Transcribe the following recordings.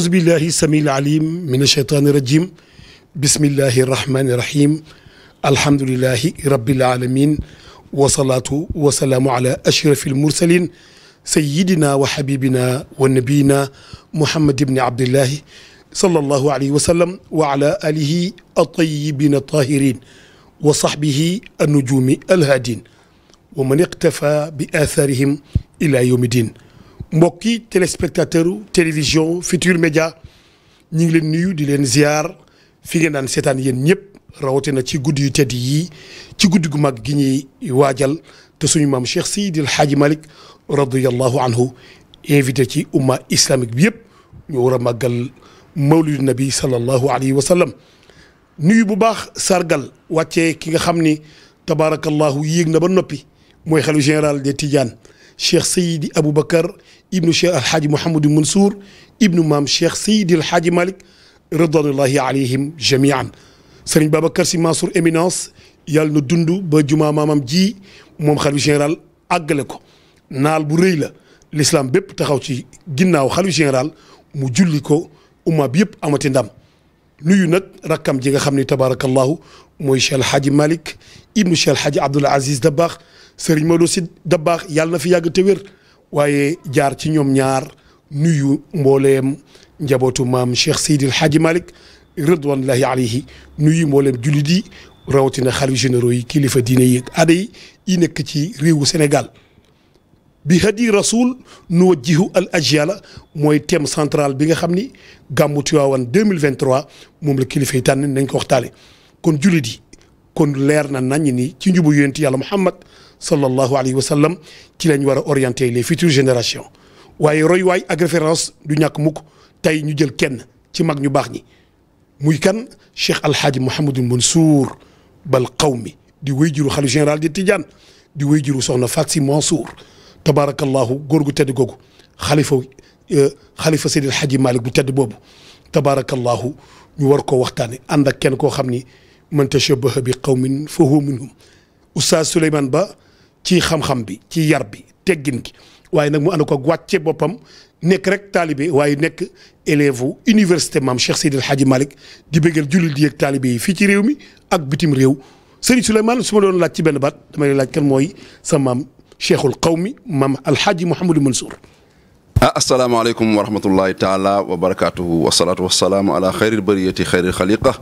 أعوذ بالله السميع العليم من الشيطان الرجيم بسم الله الرحمن الرحيم الحمد لله رب العالمين والصلاة والسلام على أشرف المرسلين سيدنا وحبيبنا ونبينا محمد بن عبد الله صلى الله عليه وسلم وعلى آله الطيبين الطاهرين وصحبه النجوم الهادين ومن اقتفى بآثارهم إلى يوم الدين mbokki téléspectateur télévision Futur Média ñu ngi leen nuyu di leen ziar fi ngeen naan seetaan yéen ñëpp rawatina ci guddi yu tedd yii ci guddi gu mag gi ñuy waajal te suñu maam Cheikh Seydi El Hadji Malick radiyallahu anhu invité ci umma islamique bi yëpp ñu war a màggal mawlidu nabi sallallahu alayhi wa sallam nuyu bu baax sargal wàccee ki nga xam ni tabaarakallahu yéeg na ba noppi mooy xelu général des Tidianes cheikh Seydi Aboubacar ibnu cheikh El Hadj Mouhamadou Mansour ibnu maam cheikh Seydi El Hadj Malick ridwanullahi alayhim jamian Serigne Babacar Sy Mansour éminence yàlla na dund ba jumaa maamam ji moom xalifa général àggale ko naal bu rëy la l'islam bépp taxaw ci ginnaaw xalifa général mu julli ko umma bi yëpp amati ndam nuyu nag rakkam ji nga xam ne tabaarakallahu mooy cheikh El Hadj Malick ibnu cheikh El Hadj Abdoul Aziz Dabakh sëriñ Maodo si Dabaax yàlla na fi yàgg te wér waaye jaar ci ñoom ñaar nuyu mbooleem njabootu maam Cheikh Seydil Hadji Malick ridwanullahi alayhi nuyu mbooleem jullit yi rawatina xalif généraux yi kilifa diine yi ak aada nekk ci réewu Sénégal bi hadi rasul nuwajjihu al ajiala mooy thème central bi nga xam ni gàmmu Tiwaawan 2023 moom la kilifa yi tànn nañ ko waxtaale kon jullit yi kon leer na nañ ci njubu yonent yàlla Muhammad sallallahu alayhi wa sallam ci lañ war a orienter les futures générations waaye royuwaay ak référence du ñàkk mukk tey ñu jël kenn ci mag ñu baax ñi muy kan Cheikh Al Hadj Mouhamadou Mansour Bal Qawmi di wéyjuru xalifa général di Tidiane di wéyjuru soxna Fatou Sy Mansour tabaarakallahu góor gu tedd googu xalifa euh, xalifa Seydi El Hadji bu tedd boobu tabaarakallahu ñu war koo waxtaane ànd ak kenn koo xam ni man tashabbaha bi qawmin fa huwa minhum Ba ci xam-xam bi ci yar bi teggin gi waaye nag mu ànd ko wàcce boppam nekk rek taalibe waaye nekk élève université maam Cheikh Seydil Hadji Malick di bëggal jullit di yeeg taalibe yi fii ci réew mi ak bitim réew Serigne Souleymane su ma doon laaj ci benn baat damay laaj kan mooy sa maam Cheikhul Qawmi maam Alhaji Mouhamadou Mansour ah asalaamaaleykum wa rahmatullahi taala wa barakaatuhu wasalaatu wasalaamu ala xayril bariyati xayril xaliqa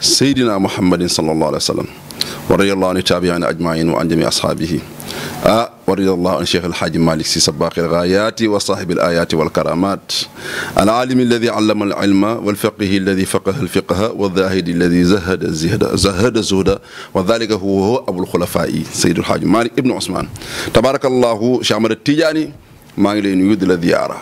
seydina muhammadin sallallahu alayhi wa sallam wa radiyallahu an taabiina ajmain wa an jami ashaabihi ah wa radiyallahu an cheikh alxaaji malik si sabaqil gaayaati wa saaxibil ayaati wal karamaat al aalimi alladi allama al ilma wal faqihi alladi faqaha al fiqha wa zaahidi alladi zahada zihda zahada zuhda wa dalika huwa abul xulafaa yi seydul xaaji malik ibnu osmaan tabaarakallahu cheikh amada tijaani maa ngi lay nuyu di la ziyaara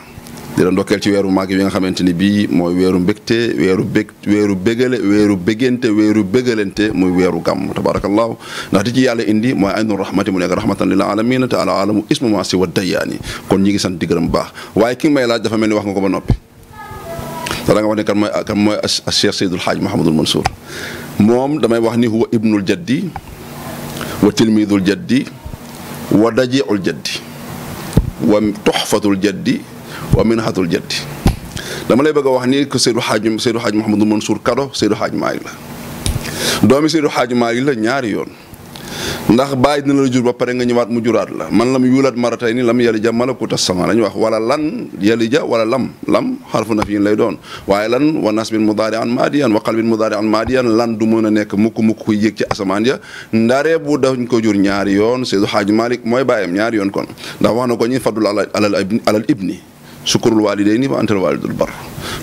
di la ndokkeel ci weeru màgg bi nga xamante ni bii mooy weeru mbégte weeru bég weeru bégale weeru bégante weeru bégalante muy weeru gàmm tabarakallahu ndax di ci yàlla indi mooy aynul rahmati mu nekk rahmatan lil alamina te ala alamu ismuma si wa dayaani kon ñi ngi sant di gërëm baax waaye ki nga may laaj dafa mel ni wax nga ko ba noppi da nga wax ne kan mooy kan mooy Cheikh Seydul Haaj Mahamadul Mansour moom damay wax ni huwa ibnul jaddi wa tilmidul jaddi wa dajiul jaddi wa tuxfatul jaddi wa minhatul jaddi dama lay bëgg a wax nii que Seydou Hadj Seydou Hadj Mouhamadou Mansour Kado Seydou Hadj Malick la doomi Seydou Hadj Malick la ñaari yoon ndax bàyyi dina la jur ba pare nga ñëwaat mu juraat la man la lam yuulaat maratay ni lam yalija malakuta sama la ñu wax wala lan ja wala lam lam xarfu na fi lay doon waaye lan wa nasbin mudaari an maadiyan wa qalbin mudaari an maadiyan lan du mën a nekk mukk mukk ku yéeg ci asamaan ya ndaree bu dañ ko jur ñaari yoon Seydu Xaaj Malik mooy bàyyam ñaari yoon kon ndax wax na ko ñi fadul alal alal ibni sukkurul waalidayni wa antal waalidul bar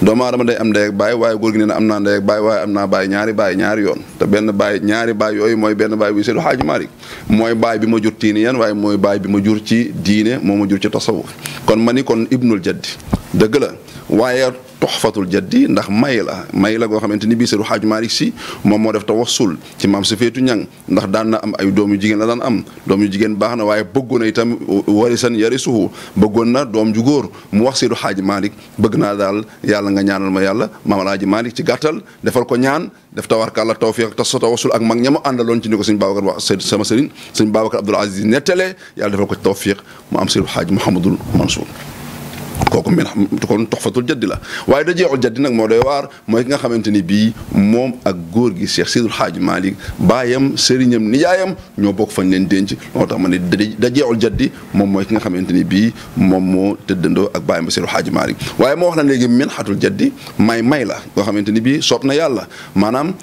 doomu aadama day am ndey ak baay waaye góor gi nee na am naa ndey ak baay waaye am naa baay ñaari baay ñaari yoon te benn baay ñaari baay yooyu mooy benn baay bi Seydi Hadji Malick mooy baay bi ma jur tiini yan waaye mooy baay bi ma jur ci diine moo ma jur ci tasawuf kon ma ni kon ibnul jaddi dëgg la waaye toxfatul jaddi ndax may la may la goo xamante ni bii Seydi Hadji Malick si moom moo def tawassul ci maam sa feetu ñang ndax daan na am ay doom yu jigéen la daan am doom yu jigéen baax na waaye bëggoon na itam warisan yarisuhu bëggoon na doom ju góor mu wax Seydi Hadji Malick bëgg naa daal yàlla nga ñaanal ma yàlla maam Alaaji Malick ci gàttal defal ko ñaan war def tawarkàlla tawfiq ta sa tawassul ak mag ña mu àndaloon ci ni ko sëñ Babacar wax sama sëriñ sëñ Babacar Abdoul Aziz nettalee yàlla defal ko tawfiq mu am Seydi Hadji Mouhamadul Mansour kooku min xam kon toxfatul jaddi la waaye da jeexul jaddi nag moo doy waar mooy ki nga xamante ni bii moom ak góor gi Cheikh Sidul Xaaji Malick baayam sëriñam nijaayam ñoo bokk fañ leen denc moo ma ne da jeexul jaddi moom mooy ki nga xamante ni bii moom moo tëddandoo ak baayam ba Sidul Xaaji Malick waaye moo wax na léegi min xatul jaddi may may la koo xamante ni bii soob na yàlla maanaam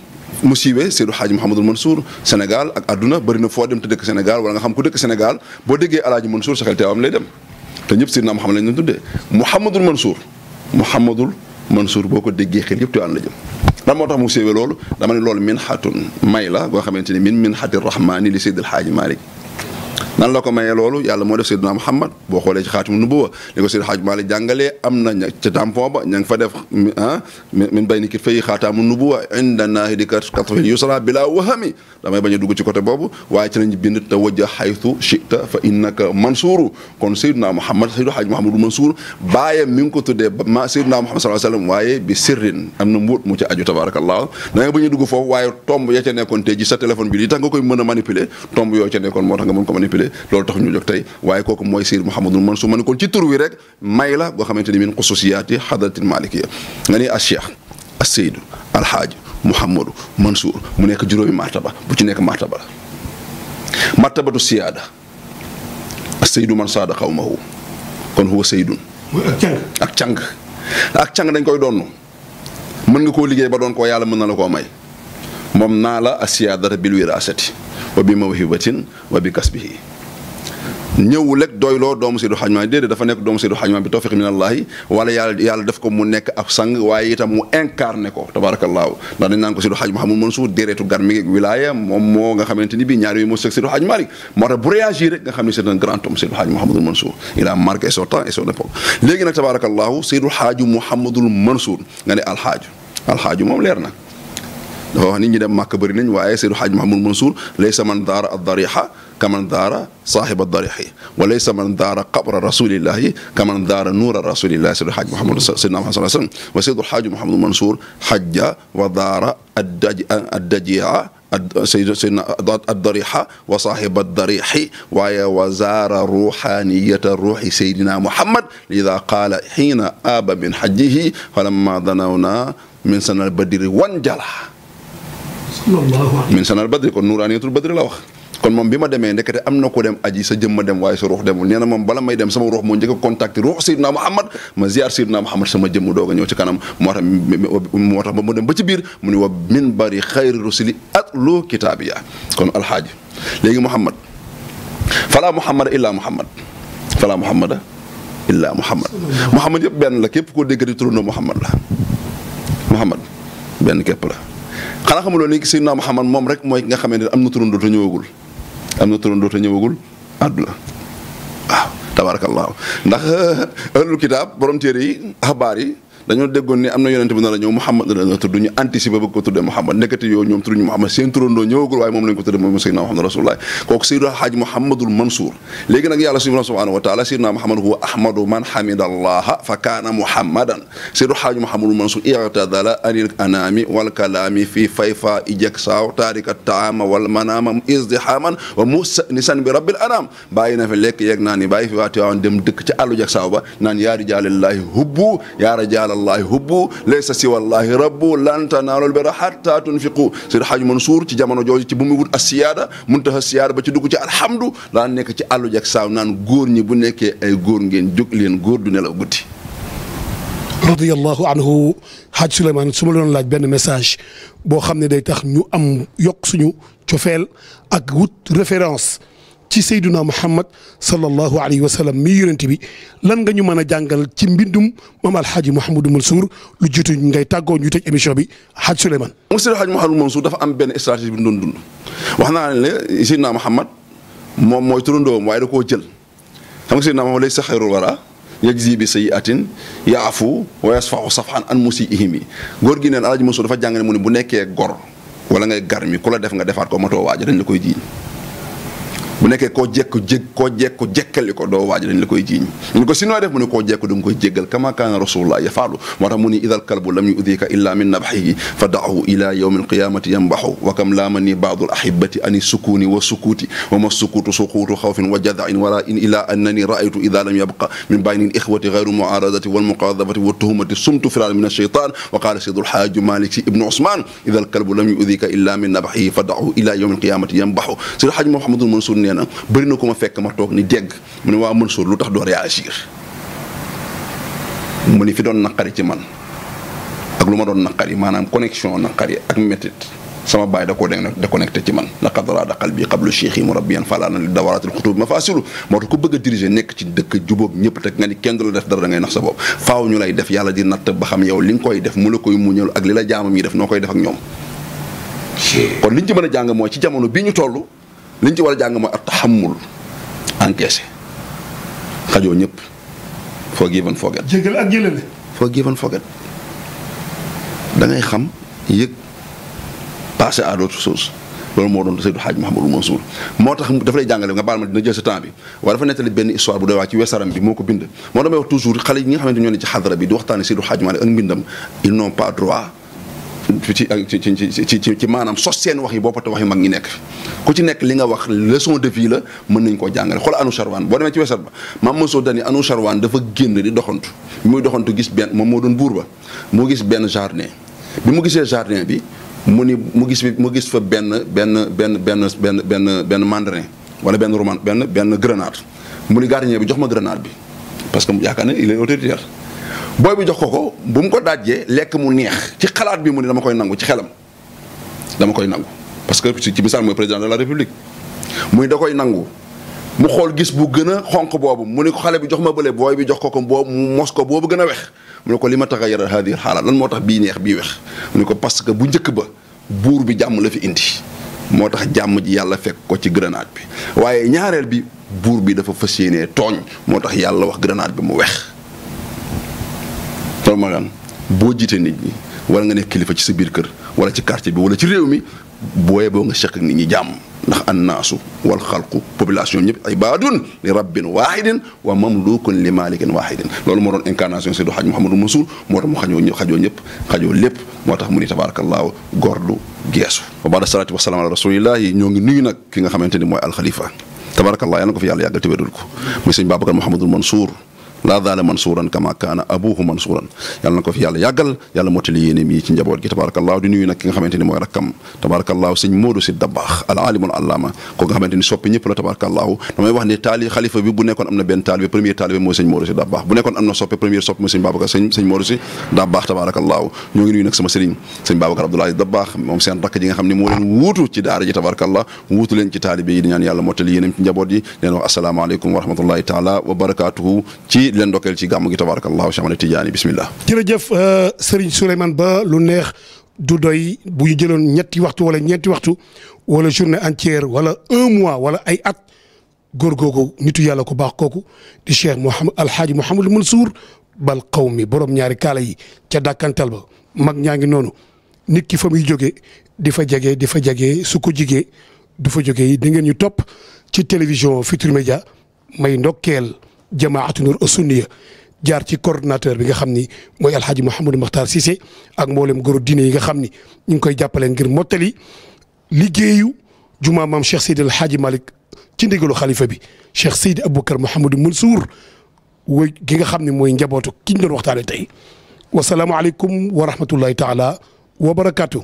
mu siiwee Seydou Hadj Mouhamadul Mansour senegal ak àdduna bëri na foo dem te dëkk Sénégal wala xam ku dëkk Sénégal boo déggee El Hadj Mansour sa xel teewaam lay dem te ñëpp Seydina Muhammad lañ leen tuddee Mouhamadul Mansour Mouhamadul Mansour boo ko déggee xel yëpp Tiwaawan la jëm. lan moo tax mu séwee loolu dama ne loolu min xatun may la boo xamante ni min min xati rahmaani li Seydil Xaaji Maalik nan la ko mayee loolu yàlla moo def Seydina Muhammad boo xoolee ci xaatimu nubuwa li ko Seydi Hajj Maalik def ah min bayni kit fayi xaataamu nubuwa inda naahi di katfil yusra bila wahami damay bañ a dugg ci côté boobu waaye ci lañ bind te wajja xaytu chita fa innaka mansuuru kon Seydina Muhammad Seydi Hajj Mahamadul Mansuur ko tuddee ma Seydina Muhammad sallallahu alayhi wa sallam mu ci a dugg foofu loolu tax ñu jóg tey waaye kooku mooy Seydi Mouhamadul Mansour ma ne kon ci tur wi may la boo xamante ni min xususiyaati xadratil malikiya nga ni Cheikh as Seydou Alhaaj Mouhamadou Mansour mu nekk juróomi martaba bu ci nekk martaba la martabatu siyaada as Seydou man saada xawmahu kon huwa Seydun ak càng ak càng dañ koy doon mën nga koo liggéey ba doon ko yàlla mën na la koo may moom naa la asiyaadara bil wiraasati wa bi mawhibatin wa bi kasbihi ñëwul rek doyloo doom Seydi Hadji Malick déedéet dafa nekk doomu Seydi Hadji Malick bi tawfiq minallaahi wala yàlla yàlla def ko mu nekk ab sang waaye itam mu incarné ko tabaarakallaahu ndax dañ naan ko Seydi Hadji Mouhamadou Mansour déreetu gar mi ngeeg wilaya moom moo nga xamante ni bii ñaari yu moo sëg Seydi Hadji Malick moo tax bu xam ne c'est un grand homme Seydi Hadji Mouhamadou Mansour il a marqué son temps et son époque léegi nag tabaarakallaahu Seydi Hadji Mouhamadou Mansour nga ne alxaaju alxaaju moom leer na dafa oh, wax nit ñi dem màkk bëri nañ waaye Seydi Xaaj Mahmoud Mansour laysa man daara ad-dariha kaman daara saaxiba darihi wa laysa man daara qabra rasulillahi kaman daara nuura rasulillahi Seydi Xaaj Muhammad Seydina Muhammad sallallahu alayhi wa sallam wa Seydi Xaaj Mahmoud Mansour xajja wa daara ad-dajia Seydina ad-dariha wa saaxiba ad-darihi waaye wa zaara ruuxaaniyata ruuxi Seydina Muhammad lidaa qaala xiina aaba min xajjihi falamma danawna min sana badiri wan jala min sanal badri kon nuuraaniyatul badri la wax kon moom bi ma demee ndekete am na ko dem aji sa jëm ma dem waaye sa ruux demul nee na moom bala may dem sama ruux moo njëkk a contacté ruux Seydina Muhammad ma ziar Seydina Muhammad sama jëmm doog a ñëw ci kanam moo tax moo tax ba mu dem ba ci biir mu ne wa min bari xayri rusuli at loo kitaabiya kon alxaaji léegi Muhammad falaa Muhammad illaa Muhammad falaa Muhammad illaa Muhammad Muhammad yëpp benn la képp koo déggati turandoo Muhammad la Muhammad benn képp la xanaa xamuloo ni Seydina Muhammad moom rek mooy ki nga xamante ne am na turandoo te ñëwagul am na turandoo te ñëwagul àdduna waaw tabaarakallaahu ndax ahlul kitaab borom téere yi xabaar yi. dañoo déggoon ni am na yonent bi nar a ñëw Muhammad la tudd ñu anticiper ba ko tuddee Muhammad nekkati yow ñoom tudd ñu Muhammad seen turandoo ñëwagul waaye moom lañ ko tuddee moom Seydina Muhammad rasulullah kooku Seydina Haaj Muhammadul Mansour léegi nag yàlla subhaanahu wa taala Seydina Muhammad huwa ahmadu man hamidallaha fa kaana muhammadan Seydina Haaj Muhammadul Mansour i'tadala anil anami wal kalami fi fayfa ijak saaw taarika taama wal manaama izdihaman wa musnisan bi rabbil anam bàyyi na fi lekk yeeg naa ni bàyyi fi waati waawan dem dëkk ca àllu jak saaw ba naan yaa rijaalillahi hubbu yaa rijaal allahi hubbu laysa siwa allahi rabbu lan tanaalul birra hatta tunfiqu Seydi Hadj Mansour ci jamono jooju ci bu muy wut asiyaada muntaha siyaada ba ci dugg ci alhamdu daan nekk ci àllu jak saaw naan góor ñi bu nekkee ay góor ngeen jóg leen góor du nelaw guddi radiyallahu anhu Hadj Souleymane su ma la doon laaj benn message boo xam ne day tax ñu am yokk suñu cofeel ak wut référence ci sayduna muhammad sallallahu alayhi wa sallam mi yonent bi lan nga ñu mën a jàngal ci mbindum moom alxaaji Mouhamadou Mansour lu jiitu ngay tàggoo ñu tëj émission bi Hadj Souleymane. monsieur Hadj Mouhamadou Mansour am benn stratégie bi mu doon wax naa ne sayduna muhammad moom mooy turandoom waaye da koo jël xam nga sayduna muhammad lay saxeerul wara yajzi bi sayyi'atin ya'fu wa yasfa'u safhan an musii'ihim góor gi neen alxaaji Mansour dafa jàng ne mu ne bu nekkee gor wala ngay gar mi ku la def nga defaat ko matoo waaja dañ la koy jiiñ bu nekkee koo jekku jég koo jekku jekkali ko doo waaj dañ la koy jiiñ ñu ko si noo def mu ne koo jekku da nga koy jéggal kama kaana rasulullah yafaalu moo tax mu ni idal kalbu lam yudika illa min nabaxihi fa daahu ila yawmi alqiyamati yambaxu wa kam laama ni baadu alahibati ani sukuni wa sukuuti wa ma sukuutu suquutu xawfin wa jadain wala in ila annani raaytu ida lam yabqa min bayni al ixwati gayru muaradati walmuqadabati wa tuhumati sumtu firan min alcheytan wa qaala sayyidul xaaju malik si ibnu usman idal kalbu lam yudika illa min nabaxihi fa daahu ila yawmi alqiyamati yambaxu nee na bëri na ko ma fekk ma toog ni dégg mu ne waa Mansour lu tax doo réagir mu ni fi doon naqari ci man ak lu ma doon naqari maanaam connexion naqari ak métit sama baay da koo déconnecté ci man laqad raada qalbi qablu cheikhi murabbiyan falaana li dawaratil xutub ma faasilu moo tax ko bëgg a nekk ci dëkk jubóog ñëpp te nga ni kenn du la def dara da ngay nax sa bopp faaw ñu lay def yàlla di natt ba xam yow li nga koy def mu la koy muñal ak li la jaamam def noo koy def ak ñoom kon liñ ci ci jamono bi ñu toll liñ ci walla a jàng mooy at taxamul encaissé xajoo ñëpp forgive and forget. jégal ak jëlale. forgive and forget da ngay xam yëg passé à d'autres loolu moo doon Seydou Hadj Mahamadou Mansour moo tax dafa lay jàngale nga baal ma dina jël sa temps bi waaye dafa nettali benn histoire bu doy waa ci wesaram bi moo ko bind moo damay wax toujours xale yi nga xamante ñoo ne ci xadra bi di waxtaane Seydou Hadj Malick ak mbindam ils n'ont pas droit ci ci ci ci maanaam sos seen wax yi boppate wax yu mag ñi nekk fi ku ci nekk li nga wax leçon de vie mën nañ koo jàngale xool anu charwaan boo demee ci wesat ba maam Mansour Dani anu charwaan dafa génn di doxantu bi muy doxantu gis benn moom moo doon buur ba mu gis benn jardin bi mu gisee jardin bi mu ni mu gis mu gis fa benn benn benn benn benn benn benn mandarin wala benn roman benn benn grenade mu ni gardien bi jox ma grenade bi parce que yaakaar ne il est autoritaire booy bi jox ko ko bu mu ko daajee lekk mu neex ci xalaat bi mu ne dama koy nangu ci xelam dama koy nangu parce que ci misaal mooy président de la république muy da koy nangu mu xool gis bu gën a xonq boobu mu ne ko xale bi jox ma bële booy bi jox ko ko boobu mu mos ko boobu gën a wex mu ne ko li ma tax a yaral haadi xaala lan moo tax bii neex bii wex mu ne ko parce que bu njëkk ba buur bi jàmm la fi indi moo tax jàmm ji yàlla fekk ko ci grenade bi waaye ñaareel bi buur bi dafa fas yéenee tooñ moo tax yàlla wax grenade bi mu wex magaan boo jiitee nit ñi wala nga ne kilifa ci sa biir kër wala ci quartier bi wala ci réew mi booyee boo nga seq nit ñi jàmm ndax annaasu wal xalqu population ñëpp ibaadun li rabbin waahidin wa mamlukun li malikin waahidin loolu moo doon incarnation Seydou Hadj Mouhamadou Mansour moo tax mu xajoo ñëpp xajoo ñëpp xajoo lépp moo tax mu ni tabaarakallaahu gordu geesu wa baada salaatu wa salaam ala rasulillahi ñoo ngi nuyu nag ki nga xamante ni mooy alxalifa tabaarakallaahu yàlla na ko fi yàlla yàggal te wéral ko muy sëñ Babacar Mouhamadou Mansour laa zaala mansuuran kama kaana abuhu mansuuran yàlla na fi yàlla yàggal yàlla mottali yéeneem yi ci njaboot gi tabarakallahu di nuyu nag ki nga xamante ni mooy tabarakallahu sëñ Modou si Dabaax tabarakallahu ñoo ngi nuyu nag sama sëriñ sëñ Babacar Abdoulaye Dabaax moom seen rakk ji nga xam ne wuutu ci daara ji tabarakallah wuutu leen ci taalibe yi di ñaan yàlla mottali ci njaboot yi leen wax asalaamaaleykum wa rahmatullahi taala di leen ndokkeel ci gàmm gi tabarakallahu Cheikh Tidiane bismillah jërëjëf euh, Serigne Souleymane Ba lu neex du doy bu ñu jëloon ñetti waxtu walla ñeenti waxtu wala journée entière wala un mois wala ay at góor googu nitu yàlla ko baax kooku di Cheikh Mouhamad Alhaaji Mouhamadul Mansour Bal Qawmi borom ñaari kaala yi ca dàkkantal ba mag ñaa ngi noonu nit ki fa muy jógee di fa jege di fa jege su ko jigee du fa jógee di ngeen ñu topp ci télévision Futurs média may ndokkeel jamaatu nur sunniya jaar ci coordonnateur bi nga xam ni mooy alxaaji Mouhamadou Makhtar Cissé ak mboolem góor diine yi nga xam ni ñu ngi koy jàppaleen ngir mottali liggéeyu juma maam Cheikh Seydi alxaaji malik ci ndigalu xalifa bi Cheikh Seydi Aboubacar Mouhamadou Mansour woy gi nga xam ni mooy njabootu ki ñu waxtaane tey wasalaamualeykum wa rahmatullahi taala wa barakaatu.